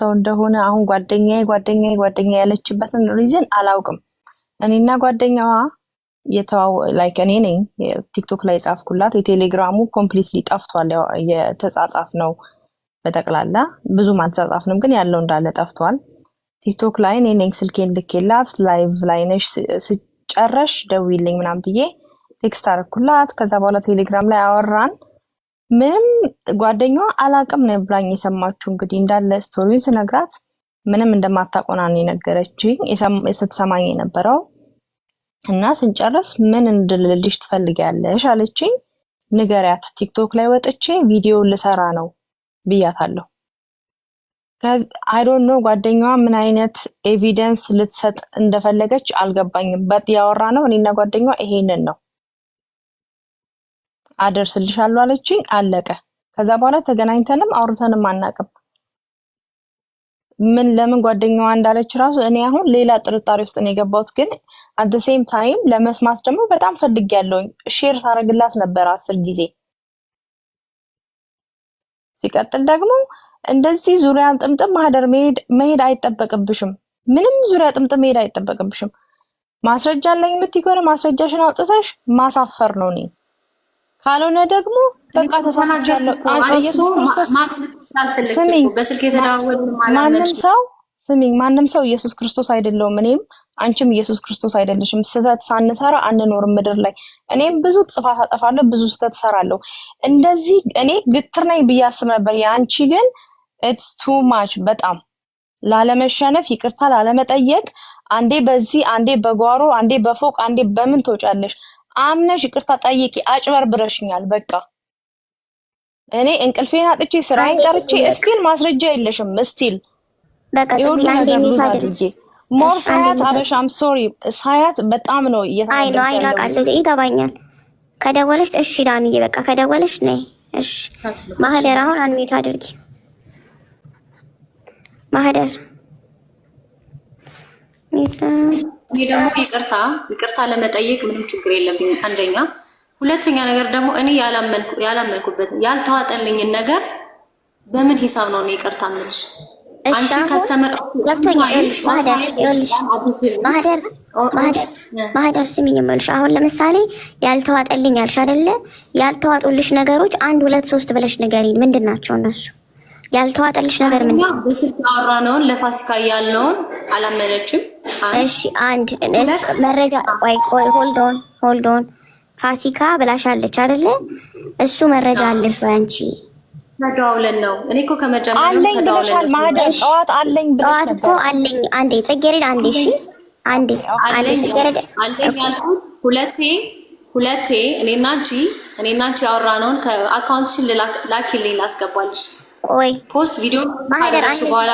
ሰው እንደሆነ አሁን ጓደኛዬ ጓደኛዬ ጓደኛ ያለችበትን ሪዝን አላውቅም። እኔና ጓደኛዋ ላይክ እኔ ነኝ ቲክቶክ ላይ ጻፍኩላት። የቴሌግራሙ ኮምፕሊትሊ ጠፍቷል። የተጻጻፍ ነው በጠቅላላ ብዙም አልተጻጻፍንም፣ ግን ያለው እንዳለ ጠፍቷል። ቲክቶክ ላይ እኔ ነኝ ስልኬን ልኬላት ላይቭ ላይነሽ ስጨረሽ ደውይልኝ ምናምን ብዬ ቴክስት አደረኩላት። ከዛ በኋላ ቴሌግራም ላይ አወራን። ምንም ጓደኛዋ አላቅም ነው ብላኝ የሰማችሁ እንግዲህ እንዳለ ስቶሪውን ስነግራት ምንም እንደማታቆና ነው የነገረችኝ ስትሰማኝ የነበረው እና ስንጨርስ ምን እንድልልሽ ትፈልጊያለሽ አለችኝ። ንገሪያት ቲክቶክ ላይ ወጥቼ ቪዲዮ ልሰራ ነው ብያታለሁ። አይዶን ነው ጓደኛዋ ምን አይነት ኤቪደንስ ልትሰጥ እንደፈለገች አልገባኝም። በጥ ያወራ ነው እኔና ጓደኛዋ ይሄንን ነው አደርስልሻለሁ አለችኝ። አለቀ። ከዛ በኋላ ተገናኝተንም አውርተንም አናቅም። ምን ለምን ጓደኛዋ እንዳለች ራሱ እኔ አሁን ሌላ ጥርጣሬ ውስጥ ነው የገባሁት። ግን አት ሴም ታይም ለመስማት ደግሞ በጣም ያለውኝ ሼር ታደርግላት ነበር አስር ጊዜ። ሲቀጥል ደግሞ እንደዚህ ዙሪያ ጥምጥም ማህደር መሄድ አይጠበቅብሽም። ምንም ዙሪያ ጥምጥም መሄድ አይጠበቅብሽም። ማስረጃ አለኝ የምትይ ከሆነ ማስረጃሽን አውጥተሽ ማሳፈር ነው እኔ ካልሆነ ደግሞ በቃ ተሳስቻለሁ። ሰው ስሚኝ፣ ማንም ሰው ኢየሱስ ክርስቶስ አይደለውም። እኔም አንቺም ኢየሱስ ክርስቶስ አይደለሽም። ስህተት ሳንሰራ አንኖርም ምድር ላይ። እኔም ብዙ ጥፋት አጠፋለሁ፣ ብዙ ስህተት ሰራለሁ። እንደዚህ እኔ ግትር ነኝ ብዬ አስብ ነበር። የአንቺ ግን ኢትስ ቱ ማች በጣም ላለመሸነፍ፣ ይቅርታ ላለመጠየቅ፣ አንዴ በዚህ አንዴ በጓሮ አንዴ በፎቅ አንዴ በምን ትወጫለሽ። አምነሽ ይቅርታ ጠይቂ። አጭበርብረሽኛል በቃ እኔ እንቅልፌን አጥቼ ስራዬን ቀርቼ እስቲል ማስረጃ የለሽም። እስቲል የሁሉ ነገር ሉዝ ሞር ሳያት አበሻም ሶሪ ሳያት በጣም ነው እየተናደደ አይሎ ቃጭ ይገባኛል። ከደወለች እሺ ዳንዬ በቃ ከደወለች ነይ እሺ ማህደር አሁን አንሚት አድርጊ ማህደር እኔ ደግሞ ይቅርታ ይቅርታ ለመጠየቅ ምንም ችግር የለብኝ። አንደኛ፣ ሁለተኛ ነገር ደግሞ እኔ ያላመንኩበት ያልተዋጠልኝን ነገር በምን ሂሳብ ነው እኔ ይቅርታ የምልሽ? አንቺ ማህደር ስሚኝ፣ የምልሽ አሁን ለምሳሌ ያልተዋጠልኝ አልሽ አይደለ? ያልተዋጡልሽ ነገሮች አንድ ሁለት ሶስት ብለሽ ንገሪኝ። ምንድን ናቸው እነሱ? ያልተዋጠልሽ ነገር ምንድን ነው? በስልክ አወራነውን ለፋሲካ ያልነውን አላመነችም። እሺ አንድ መረጃ ቆይ ቆይ ሆልድ ኦን ፋሲካ ብላሻለች አይደለ? እሱ መረጃ አለሽ አንቺ ተደዋውለን ነው። እኔ እኮ ከመጀመሪያው አለኝ ብለሻል። ማህደር ጠዋት አለኝ ብለሽ እኮ አለኝ። አንዴ ጽጌረዳ አንዴ እሺ፣ አንዴ አንዴ ጽጌረዳ አለኝ ያልኩት ሁለቴ ሁለቴ እኔና አንቺ እኔና አንቺ ያወራነውን ከአካውንትሽን ላኪልኝ ላስገባልሽ ቆይ ፖስት ቪዲዮ ካደረግሽ በኋላ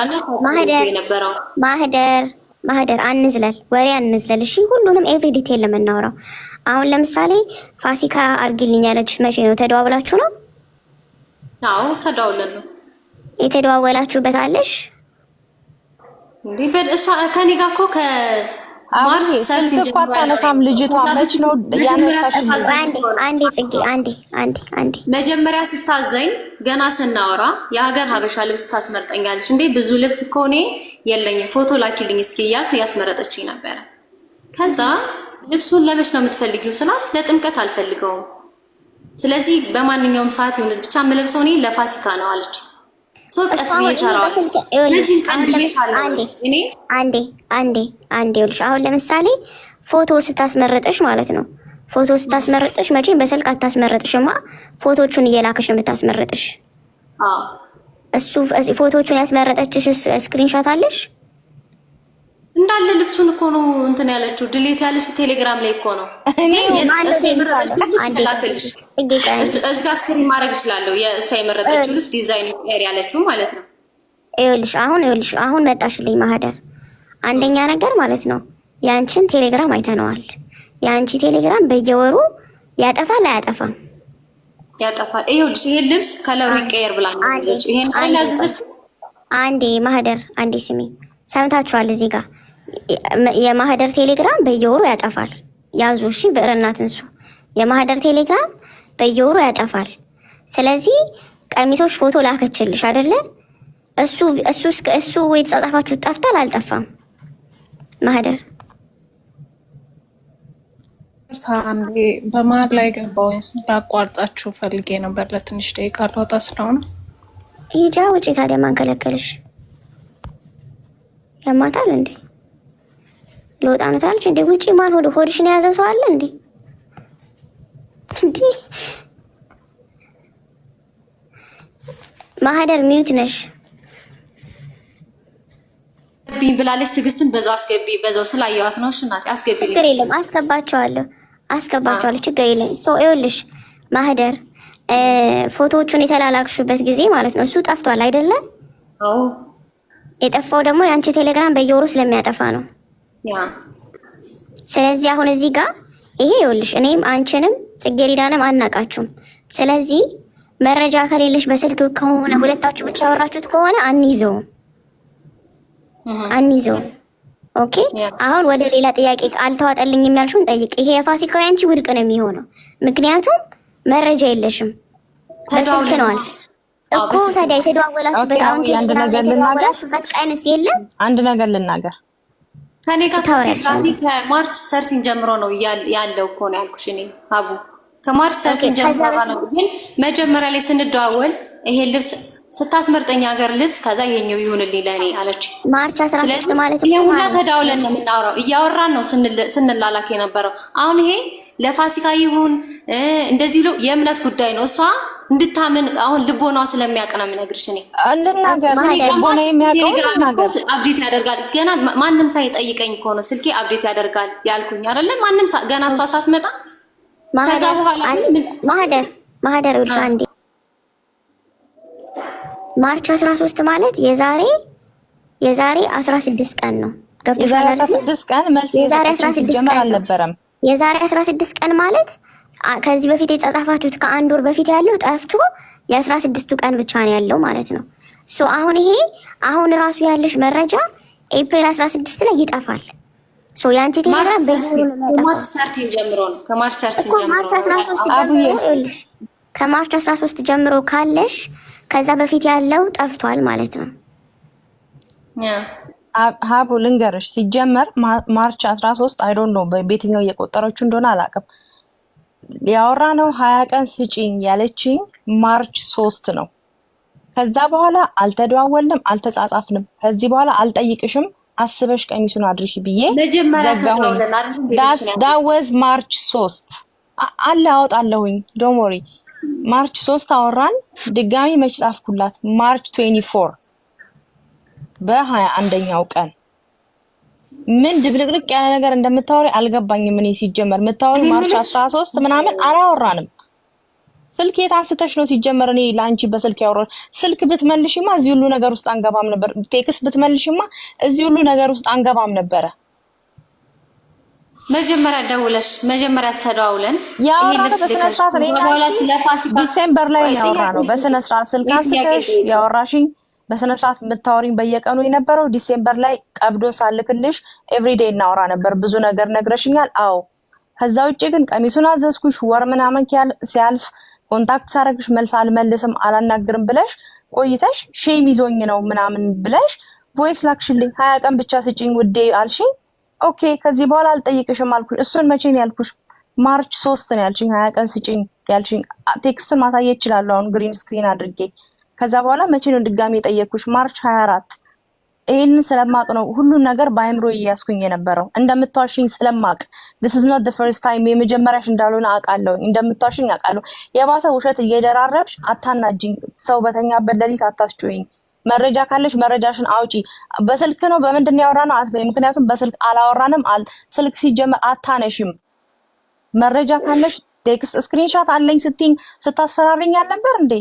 ማህደር ማህደር አንዝለል፣ ወሬ አንዝለል። እሺ ሁሉንም ኤቭሪ ዲቴል ለምናወራው አሁን ለምሳሌ ፋሲካ አርጊልኝ ያለችሽ መቼ ነው? ተደዋውላችሁ ነው? አዎ ተደዋውለን ነው። የተደዋወላችሁበት አለሽ እንዴ? በእሷ ከኔ ጋር እኮ ከ አታነሳም ልጅቷ። መች ነው መጀመሪያ ስታዘኝ ገና ስናወራ የሀገር ሀበሻ ልብስ ታስመርጠኛለች እንዴ? ብዙ ልብስ እኮ እኔ የለኝም ፎቶ ላኪልኝ እስኪ እያልክ ያስመረጠችኝ ነበረ። ከዛ ልብሱን ለመች ነው የምትፈልጊው ስላት ለጥምቀት አልፈልገውም፣ ስለዚህ በማንኛውም ሰዓት ይሁን ብቻ የምለብሰው እኔ ለፋሲካ ነው አለች። ሰው ቀስ ብዬ አንዴ አንዴ አንዴ ይኸውልሽ፣ አሁን ለምሳሌ ፎቶ ስታስመረጠሽ ማለት ነው። ፎቶ ስታስመረጠሽ መቼም በስልክ አታስመረጥሽማ። ፎቶቹን እየላከሽ ነው የምታስመረጥሽ። እሱ ፎቶቹን ያስመረጠችሽ ስክሪንሻት አለሽ? እንዳለ ልብሱን እኮ ነው እንትን ያለችው ድሌት ያለች ቴሌግራም ላይ እኮ ነው። እዚህ ጋር ስክሪን ማድረግ እችላለሁ። እሷ የመረጠችው ልብስ ዲዛይን ቀር ያለችው ማለት ነው። ይኸውልሽ አሁን ይኸውልሽ አሁን መጣሽልኝ ማህደር። አንደኛ ነገር ማለት ነው የአንቺን ቴሌግራም አይተነዋል። የአንቺ ቴሌግራም በየወሩ ያጠፋል አያጠፋም? ያጠፋል። ይኸውልሽ ይሄን ልብስ ከለሩ ይቀየር ብላ ይሄን ያዘዘችው። አንዴ ማህደር አንዴ ስሜ ሰምታችኋል እዚህ ጋር የማህደር ቴሌግራም በየወሩ ያጠፋል። ያዙ እሺ፣ ብዕርና ትንሱ የማህደር ቴሌግራም በየወሩ ያጠፋል። ስለዚህ ቀሚሶች ፎቶ ላከችልሽ አይደለ? እሱ እሱ እስከ እሱ የተጻጻፋችሁ ጠፍቷል። አልጠፋም ማህደር አንዴ በመሀል ላይ ገባሁኝ። ስላቋርጣችሁ ፈልጌ ነበር። ለትንሽ ደቂቃ ላውጣ ስለሆነ ሂጂ ውጪ። ታዲያ ማንከለከልሽ ያማታል እንዴ? ልወጣ ነው ታለች እንዴ? ውጪ! ማን ሆድ ሆድሽን የያዘው ሰው አለ እንዴ? እንዴ ማህደር ሚውት ነሽ ብላለች። ትግስትን በዛው አስገቢ፣ በዛው ስላየዋት ነው። እሺ እናቴ አስገቢ። ችግር የለም አስገባቸዋለሁ፣ አስገባቸዋለሁ። ችግር የለም። ሰው ይኸውልሽ ማህደር ፎቶዎቹን የተላላክሹበት ጊዜ ማለት ነው እሱ ጠፍቷል አይደለ? አዎ የጠፋው ደግሞ የአንቺ ቴሌግራም በየወሩ ስለሚያጠፋ ነው። ስለዚህ አሁን እዚህ ጋር ይሄ ይኸውልሽ፣ እኔም አንቺንም ጽጌረዳንም አናቃችሁም። ስለዚህ መረጃ ከሌለሽ በስልክ ከሆነ ሁለታችሁ ብቻ ያወራችሁት ከሆነ አንይዘውም አንይዘውም። ኦኬ አሁን ወደ ሌላ ጥያቄ አልተዋጠልኝ የሚያልሽውን ጠይቅ። ይሄ የፋሲካው ያንቺ ውድቅ ነው የሚሆነው፣ ምክንያቱም መረጃ የለሽም። በስልክ ነዋል እኮ ታዲያ የተደዋወላችሁበት አሁን ቴክስት ናገራችሁበት ቀንስ የለም። አንድ ነገር ልናገር ከኔ ጋር ከማርች ሰርቲን ጀምሮ ነው ያለው እኮ ነው ያልኩሽ። እኔ አቡ ከማርች ሰርቲን ጀምሮ ነው። ግን መጀመሪያ ላይ ስንደዋወል ይሄ ልብስ ስታስመርጠኝ ሀገር ልብስ ከዛ ይሄኛው ይሁንልኝ ለእኔ አለች። ማርች 13 ማለት ነው። ሁላ ተዳውለን ነው የምናወራው፣ እያወራን ነው ስንላላክ የነበረው። አሁን ይሄ ለፋሲካ ይሁን እንደዚህ ብሎ የእምነት ጉዳይ ነው እሷ እንድታምን አሁን ልቦናዋ ስለሚያውቅ ነው የምነግርሽ። እኔ አብዴት ያደርጋል ገና ማንም ሳይጠይቀኝ ከሆነ ስልኬ አብዴት ያደርጋል ያልኩኝ አይደለም። ማንም ገና እሷ ሳትመጣ ከዛ በኋላ ማህደር ማህደር አንዴ ማርች 13 ማለት የዛሬ የዛሬ 16 ቀን ነው። ገብቶሻል? የዛሬ 16 ቀን መልስ የዛሬ 16 ቀን አልነበረም። የዛሬ 16 ቀን ማለት ከዚህ በፊት የጻጻፋችሁት ከአንድ ወር በፊት ያለው ጠፍቶ የአስራ ስድስቱ ቀን ብቻ ነው ያለው ማለት ነው። ሶ አሁን ይሄ አሁን ራሱ ያለሽ መረጃ ኤፕሪል 16 ላይ ይጠፋል። ሶ ያንቺ ቴሌግራም በማርች ሰርቲን ጀምሮ ነው ከማርች ሰርቲን ከማርች 13 ጀምሮ ካለሽ ከዛ በፊት ያለው ጠፍቷል ማለት ነው። ሀቡ ልንገርሽ ሲጀመር ማርች 13 አይ ዶንት ኖ በየትኛው እየቆጠረችው እንደሆነ አላውቅም። ያወራ ነው ሀያ ቀን ስጪኝ ያለችኝ ማርች ሶስት ነው። ከዛ በኋላ አልተደዋወልንም፣ አልተጻጻፍንም። ከዚህ በኋላ አልጠይቅሽም አስበሽ ቀሚሱን አድርሽ ብዬ ዘጋሁኝ። ዳወዝ ማርች ሶስት አለ አወጣለሁኝ። ዶሞሪ ማርች ሶስት አወራን። ድጋሚ መች ጻፍኩላት? ማርች ትዌንቲ ፎር በሀያ አንደኛው ቀን ምን ድብልቅልቅ ያለ ነገር እንደምታወሪ አልገባኝም። እኔ ሲጀመር የምታወሪ ማርች አስራ ሶስት ምናምን አላወራንም። ስልክ የት አንስተሽ ነው ሲጀመር? እኔ ለአንቺ በስልክ ያወራ ስልክ ብትመልሽማ እዚህ ሁሉ ነገር ውስጥ አንገባም ነበር። ቴክስ ብትመልሽማ እዚህ ሁሉ ነገር ውስጥ አንገባም ነበረ። መጀመሪያ ደውለሽ መጀመሪያ ተደዋውለን ዲሴምበር ላይ ያወራ ነው በስነ ስርዓት ስልክ አንስተሽ ያወራሽኝ በስነ ስርዓት የምታወሪኝ በየቀኑ የነበረው ዲሴምበር ላይ ቀብዶን ሳልክልሽ ኤቭሪዴ እናወራ ነበር። ብዙ ነገር ነግረሽኛል። አዎ ከዛ ውጭ ግን ቀሚሱን አዘዝኩሽ ወር ምናምን ሲያልፍ ኮንታክት ሳረግሽ መልስ አልመልስም አላናግርም ብለሽ ቆይተሽ ሼም ይዞኝ ነው ምናምን ብለሽ ቮይስ ላክሽልኝ። ሀያ ቀን ብቻ ስጭኝ ውዴ አልሽኝ። ኦኬ ከዚህ በኋላ አልጠይቅሽም አልኩሽ። እሱን መቼ ነው ያልኩሽ? ማርች ሶስት ነው ያልሽኝ። ሀያ ቀን ስጭኝ ያልሽኝ ቴክስቱን ማሳየት እችላለሁ አሁን ግሪን ስክሪን አድርጌ ከዛ በኋላ መቼ ነው ድጋሜ የጠየኩሽ? ማርች 24 ይህንን ስለማቅ ነው ሁሉን ነገር በአይምሮ እያስኩኝ የነበረው እንደምታዋሽኝ ስለማቅ። ዲስ ኢዝ ኖት ዘ ፈርስት ታይም የመጀመሪያሽ እንዳልሆነ አውቃለሁ፣ እንደምታዋሽኝ አውቃለሁ። የባሰ ውሸት እየደራረብሽ አታናጅኝ። ሰው በተኛበት ሌሊት አታስጩኝ። መረጃ ካለሽ መረጃሽን አውጪ። በስልክ ነው በምንድን ያወራ ነው አትበይ። ምክንያቱም በስልክ አላወራንም። ስልክ ሲጀመር አታነሽም። መረጃ ካለሽ ቴክስት ስክሪንሻት አለኝ ስትኝ ስታስፈራሪኝ አልነበር እንዴ?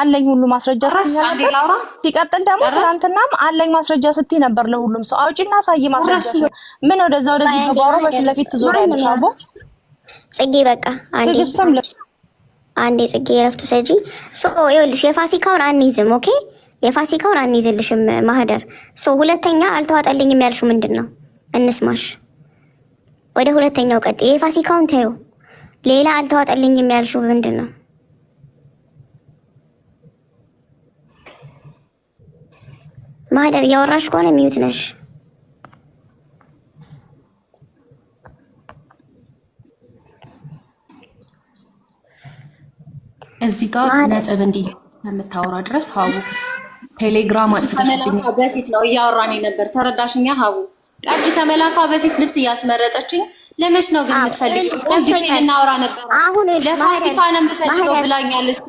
አለኝ ሁሉ ማስረጃ ሲቀጥል ደግሞ ትናንትናም አለኝ ማስረጃ ስትይ ነበር። ለሁሉም ሰው አውጪና አሳይ ማስረጃ። ምን ወደዛ ወደዚህ ተባሮ በፊት ለፊት ትዞራለሽ። አቦ ጽጌ በቃ ትግስትም አንዴ ጽጌ ረፍቱ ሰጂ ሶ ይኸውልሽ፣ የፋሲካውን አንይዝም። ኦኬ የፋሲካውን አንይዝልሽም ማህደር። ሶ ሁለተኛ አልተዋጠልኝም ያልሽው ምንድን ነው? እንስማሽ። ወደ ሁለተኛው ቀጥ የፋሲካውን ተይው። ሌላ አልተዋጠልኝም ያልሽው ምንድን ነው? ማህደር እያወራሽ ከሆነ ሚዩት ነሽ። እዚህ ጋር ነጥብ እንዲህ ከምታወራ ድረስ ሀቡ ቴሌግራም አጥፍተሽብኝ በፊት ነው እያወራን የነበር። ተረዳሽኛ ሀቡ ቀጅ ከመላኳ በፊት ልብስ እያስመረጠችኝ ለመች ነው ግን የምትፈልጊው? ቀጅ እናወራ ነበር። አሁን ለፋሲካ ነው የምፈልገው ብላኛለች።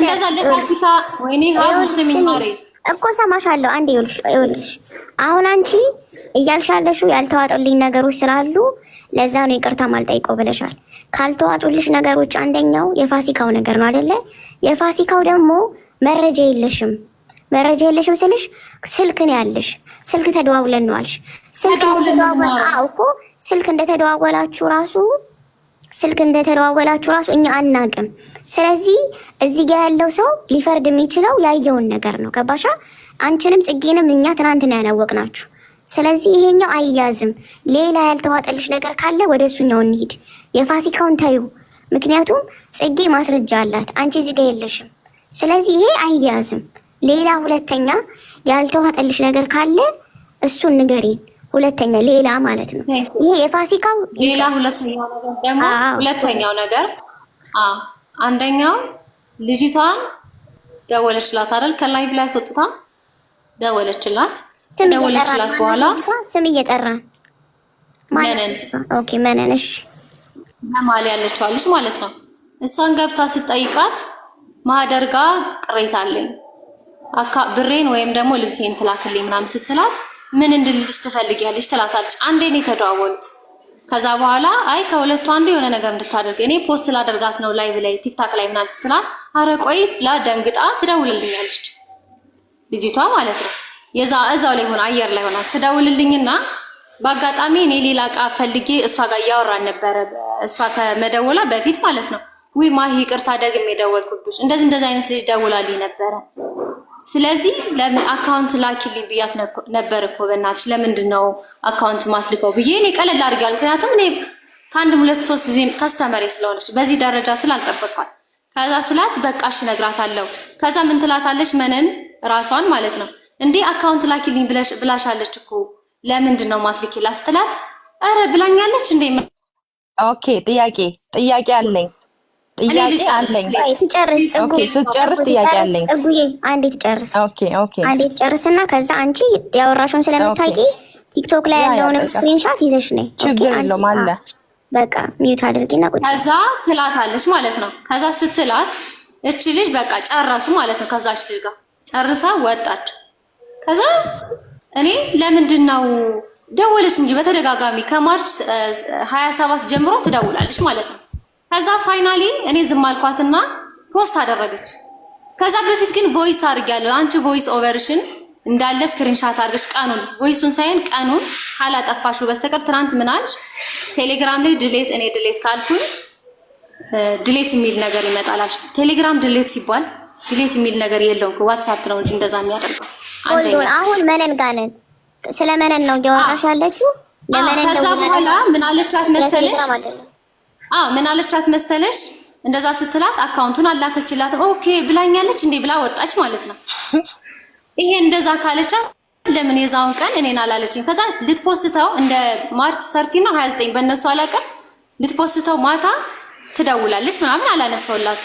እንደዛ ለፋሲካ ወይኔ ሀቡ ስሚኝ ማሬ እኮ ሰማሻለሁ። አንድ ይኸውልሽ አሁን አንቺ እያልሻለሹ ያልተዋጡልኝ ነገሮች ስላሉ ለዛ ነው ይቅርታ ማልጠይቀው ብለሻል። ካልተዋጡልሽ ነገሮች አንደኛው የፋሲካው ነገር ነው አይደለ? የፋሲካው ደግሞ መረጃ የለሽም። መረጃ የለሽም ስልሽ ስልክ ነው ያለሽ። ስልክ ተደዋውለን ነው አልሽ። ስልክ እንደተደዋወል እኮ ስልክ እንደተደዋወላችሁ ራሱ ስልክ እንደተደዋወላችሁ ራሱ እኛ አናቅም። ስለዚህ እዚህ ጋር ያለው ሰው ሊፈርድ የሚችለው ያየውን ነገር ነው። ገባሻ? አንቺንም ጽጌንም እኛ ትናንት ያናወቅ ናችሁ። ስለዚህ ይሄኛው አይያዝም። ሌላ ያልተዋጠልሽ ነገር ካለ ወደ እሱኛው እንሂድ። የፋሲካውን ተዩ። ምክንያቱም ጽጌ ማስረጃ አላት፣ አንቺ እዚህ ጋር የለሽም። ስለዚህ ይሄ አይያዝም። ሌላ ሁለተኛ ያልተዋጠልሽ ነገር ካለ እሱን ንገሪን። ሁለተኛ ሌላ ማለት ነው ይሄ የፋሲካው ሌላ ሁለተኛው ነገር አንደኛው ልጅቷን ደወለችላት አይደል? ከላይ ብላ ያስወጥታ ደወለችላት። ደወለችላት በኋላ ስም እየጠራ መነን ኦኬ፣ መነን እሺ፣ ማል ያለችዋለች ማለት ነው። እሷን ገብታ ስጠይቃት ማህደር ጋር ቅሬታ አለኝ አካ ብሬን ወይም ደግሞ ልብሴን ትላክልኝ ምናምን ስትላት ምን እንድልልሽ ትፈልጊያለሽ ትላታለች። አንዴ ነው የተደዋወሉት ከዛ በኋላ አይ ከሁለቱ አንዱ የሆነ ነገር እንድታደርግ እኔ ፖስት ላደርጋት ነው ላይቭ ላይ ቲክታክ ላይ ምናምን ስትላት፣ አረ ቆይ ብላ ደንግጣ ትደውልልኛለች ልጅቷ ማለት ነው። የዛ እዛው ላይ ሆነ አየር ላይ ሆና ትደውልልኝና በአጋጣሚ እኔ ሌላ እቃ ፈልጌ እሷ ጋር እያወራን ነበረ። እሷ ከመደወላ በፊት ማለት ነው። ዊ ማሂ ይቅርታ ደግም የደወልኩብሽ እንደዚህ እንደዚህ አይነት ልጅ ደውላልኝ ነበረ ስለዚህ ለምን አካውንት ላኪልኝ ብያት ነበር እኮ በእናትሽ ለምንድን ነው አካውንት ማትልከው ብዬ እኔ ቀለል አድርጋል። ምክንያቱም እኔ ከአንድ ሁለት ሶስት ጊዜ ከስተመሬ ስለሆነች በዚህ ደረጃ ስላልጠበቅኳት ከዛ ስላት በቃሽ እነግራታለሁ። ከዛ ምን ትላታለች? መንን ራሷን ማለት ነው እንዴ አካውንት ላኪልኝ ብለሽ ብላሻለች እኮ ለምንድን ነው ማትልኪላት ስትላት፣ ኧረ ብላኛለች እንዴ። ኦኬ ጥያቄ ጥያቄ አለኝ ስጨርስ ጥያቄ አለኝ። ጽጉዬ አንዴ ትጨርስ፣ አንዴ ትጨርስ እና ከዛ አንቺ ያወራሽውን ስለምታውቂ ቲክቶክ ላይ ያለውን ስክሪንሻት ይዘሽ ነይ። ችግር የለውም አለ። በቃ ሚዩት አድርጊና ቁጭ። ከዛ ትላታለች ማለት ነው። ከዛ ስትላት እች ልጅ በቃ ጨረሱ ማለት ነው። ከዛ እች ልጅ ጋር ጨርሳ ወጣች። ከዛ እኔ ለምንድን ነው ደወለች እንጂ በተደጋጋሚ ከማርች ሰባት ጀምሮ ትደውላለች ማለት ነው ከዛ ፋይናሊ እኔ ዝም አልኳትና ፖስት አደረገች። ከዛ በፊት ግን ቮይስ አድርጊያለሁ አንቺ ቮይስ ኦቨርሽን እንዳለ ስክሪንሻት አድርገሽ ቀኑን ቮይሱን ሳይን ቀኑን ካላጠፋሹ በስተቀር ትናንት ምን አልሽ? ቴሌግራም ላይ ድሌት እኔ ድሌት ካልኩኝ ድሌት የሚል ነገር ይመጣል ቴሌግራም ድሌት ሲባል ድሌት የሚል ነገር የለውም። ዋትስአፕ ነው እንጂ እንደዛ የሚያደርገው። አንደኛ አሁን መነን ጋነን ስለ መነን ነው እያወራሽ ያለችው። ለመነን ነው። ከዛ በኋላ ምን አለቻት መሰለሽ አዎ ምን አለቻት መሰለሽ? እንደዛ ስትላት አካውንቱን አላከችላት። ኦኬ ብላኛለች እንዴ ብላ ወጣች ማለት ነው። ይሄ እንደዛ ካለቻት ለምን የዛውን ቀን እኔን አላለችኝ? ከዛ ልትፖስተው እንደ ማርች ሰርቲ ነው 29 በእነሱ አላቀም ልትፖስተው ማታ ትደውላለች ምናምን አላነሳውላት።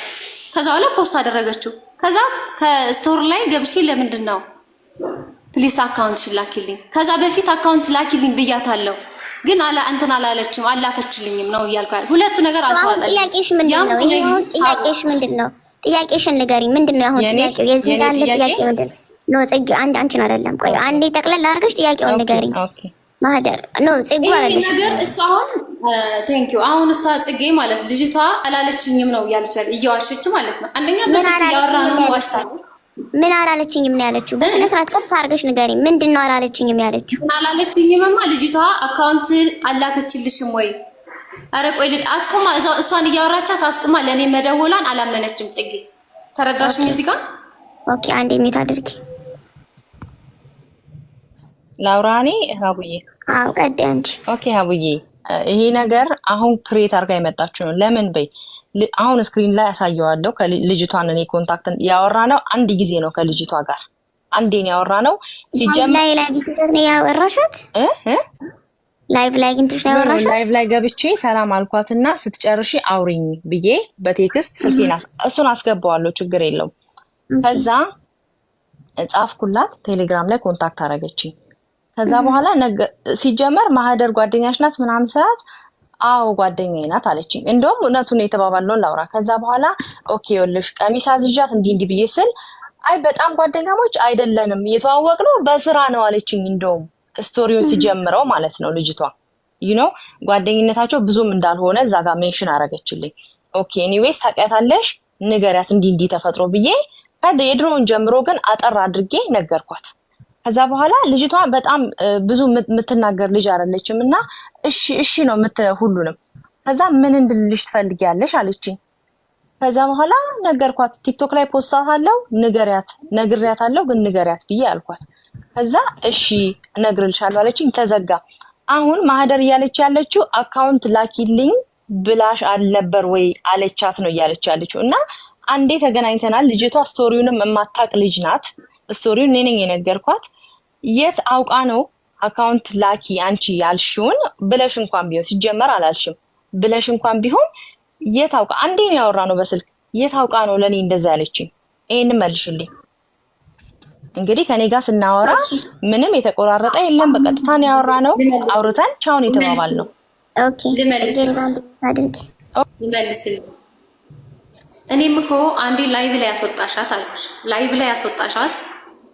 ከዛ በኋላ ፖስት አደረገችው። ከዛ ከስቶር ላይ ገብቼ ለምንድን ነው ፕሊስ አካውንት ሽላኪልኝ፣ ከዛ በፊት አካውንት ላኪልኝ ብያታለሁ ግን አላ እንትን አላለችም አላከችልኝም ነው እያልኩ ያለ ሁለቱ ነገር አልተዋጠልኝም። ጥያቄሽ ምንድን ነው? ይሁን ጥያቄሽ ምንድን ጥያቄሽን ንገሪኝ። ምንድን ነው አሁን ጥያቄው? የዚህ እንዳለ ጥያቄ ምንድን ነው? ጽጌ አንድ አንቺን አይደለም። ቆይ አንዴ ጠቅለል አድርገሽ ጥያቄውን ንገሪኝ። ማህደር ነው ጽጌ አላለች ነገር እሷ አሁን ቴንክ ዩ አሁን እሷ ጽጌ ማለት ልጅቷ አላለችኝም ነው እያለች እየዋሸች ማለት ነው። አንደኛ በስልክ እያወራ ነው ዋሽታለች ምን አላለችኝ? ምን ያለችው። በስነ ስርዓት ቆጥ አድርገሽ ንገሪ። ምንድን ነው ምን ያለችው? አላለችኝ? አላለችኝምማ። ልጅቷ አካውንት አላከችልሽም ወይ? አረ ቆይ አስቁማ፣ እሷን እያወራቻት አስቁማ፣ ለእኔ መደወላን አላመነችም። ጽጌ ተረዳሽኝ? እዚህ ጋር ኦኬ። አንዴ ሜት አድርጊ ላውራኒ ሀቡዬ። አዎ ቀደንች። ኦኬ ሀቡዬ፣ ይሄ ነገር አሁን ክሬት አድርጋ የመጣችው ነው። ለምን በይ አሁን ስክሪን ላይ ያሳየዋለሁ። ልጅቷን እኔ ኮንታክት ያወራ ነው አንድ ጊዜ ነው ከልጅቷ ጋር አንዴን ያወራ ነው። ያወራሻት ላይቭ ላይ ገብቼ ሰላም አልኳትና ስትጨርሺ አውሪኝ ብዬ በቴክስት ስልኬን እሱን አስገባዋለሁ። ችግር የለው ከዛ ጻፍኩላት። ቴሌግራም ላይ ኮንታክት አደረገችኝ። ከዛ በኋላ ሲጀመር ማህደር ጓደኛሽ ናት ምናምን ስላት አዎ ጓደኛዬ ናት አለችኝ። እንደውም እውነቱን የተባባልነውን ላውራ። ከዛ በኋላ ኦኬ ወልሽ ቀሚስ አዝዣት እንዲህ እንዲህ ብዬ ስል አይ በጣም ጓደኛሞች አይደለንም እየተዋወቅ ነው በስራ ነው አለችኝ። እንደውም ስቶሪውን ሲጀምረው ማለት ነው ልጅቷ ዩኖ ጓደኝነታቸው ብዙም እንዳልሆነ እዛ ጋር ሜንሽን አረገችልኝ። ኦኬ ኒዌይስ ታውቂያታለሽ ንገሪያት እንዲህ እንዲህ ተፈጥሮ ብዬ የድሮውን ጀምሮ ግን አጠር አድርጌ ነገርኳት። ከዛ በኋላ ልጅቷ በጣም ብዙ የምትናገር ልጅ አይደለችም እና እሺ እሺ ነው የምትለው ሁሉንም። ከዛ ምን እንድልሽ ትፈልጊያለሽ አለችኝ። ከዛ በኋላ ነገርኳት። ቲክቶክ ላይ ፖስታት አለው ንገሪያት፣ ነግሪያት አለው ግን ንገሪያት ብዬ አልኳት። ከዛ እሺ እነግርልሻለሁ አለችኝ። ተዘጋ። አሁን ማህደር እያለች ያለችው አካውንት ላኪልኝ ብላሽ አልነበር ወይ አለቻት ነው እያለች ያለችው እና አንዴ ተገናኝተናል። ልጅቷ ስቶሪውንም የማታቅ ልጅ ናት። ስቶሪውን እኔ ነኝ የነገርኳት የት አውቃ ነው አካውንት ላኪ አንቺ ያልሽውን ብለሽ እንኳን ቢሆን ሲጀመር አላልሽም ብለሽ እንኳን ቢሆን የት አውቃ አንዴ ነው ያወራ ነው በስልክ የት አውቃ ነው ለእኔ እንደዛ ያለችኝ ይህን መልሽልኝ እንግዲህ ከኔ ጋር ስናወራ ምንም የተቆራረጠ የለም በቀጥታ ያወራ ነው አውርተን ቻውን የተባባል ነው እኔም እኮ አንዴ ላይቭ ላይ ያስወጣሻት አሉሽ ላይቭ ላይ ያስወጣሻት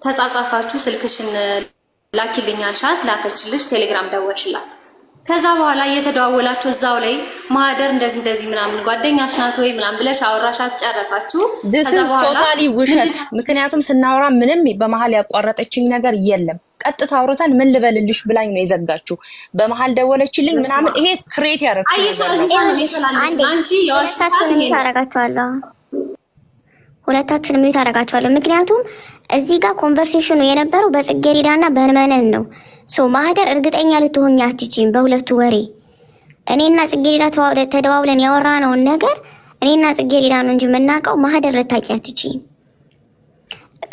ተጻጻፋችሁ፣ ስልክሽን ላኪልኝ አልሻት፣ ላከችልሽ። ቴሌግራም ደወልሽላት። ከዛ በኋላ እየተደዋወላችሁ እዛው ላይ ማህደር እንደዚህ እንደዚህ ምናምን ጓደኛሽ ናት ወይ ምናምን ብለሽ አወራሻት፣ ጨረሳችሁ። ዲስ ኢዝ ቶታሊ ውሸት። ምክንያቱም ስናወራ ምንም በመሀል ያቋረጠችኝ ነገር የለም። ቀጥታ አውርተን ምን ልበልልሽ ብላኝ ነው የዘጋችሁ። በመሀል ደወለችልኝ ምናምን። ይሄ ክሬት አንቺ ታረጋችኋለሁ ሁለታችሁን የሚዩት አደርጋችኋለሁ። ምክንያቱም እዚህ ጋር ኮንቨርሴሽኑ የነበረው በጽጌሬዳና በመነን ነው። ሶ ማህደር እርግጠኛ ልትሆኝ አትችይም በሁለቱ ወሬ። እኔና ጽጌሬዳ ተደዋውለን ያወራነውን ነገር እኔና ጽጌሬዳ ነው እንጂ የምናውቀው ማህደር ልታቂ አትችይም።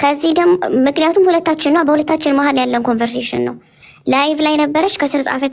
ከዚህ ደግሞ ምክንያቱም ሁለታችን ነው በሁለታችን መሀል ያለን ኮንቨርሴሽን ነው። ላይቭ ላይ ነበረች ከስር ጻፈች።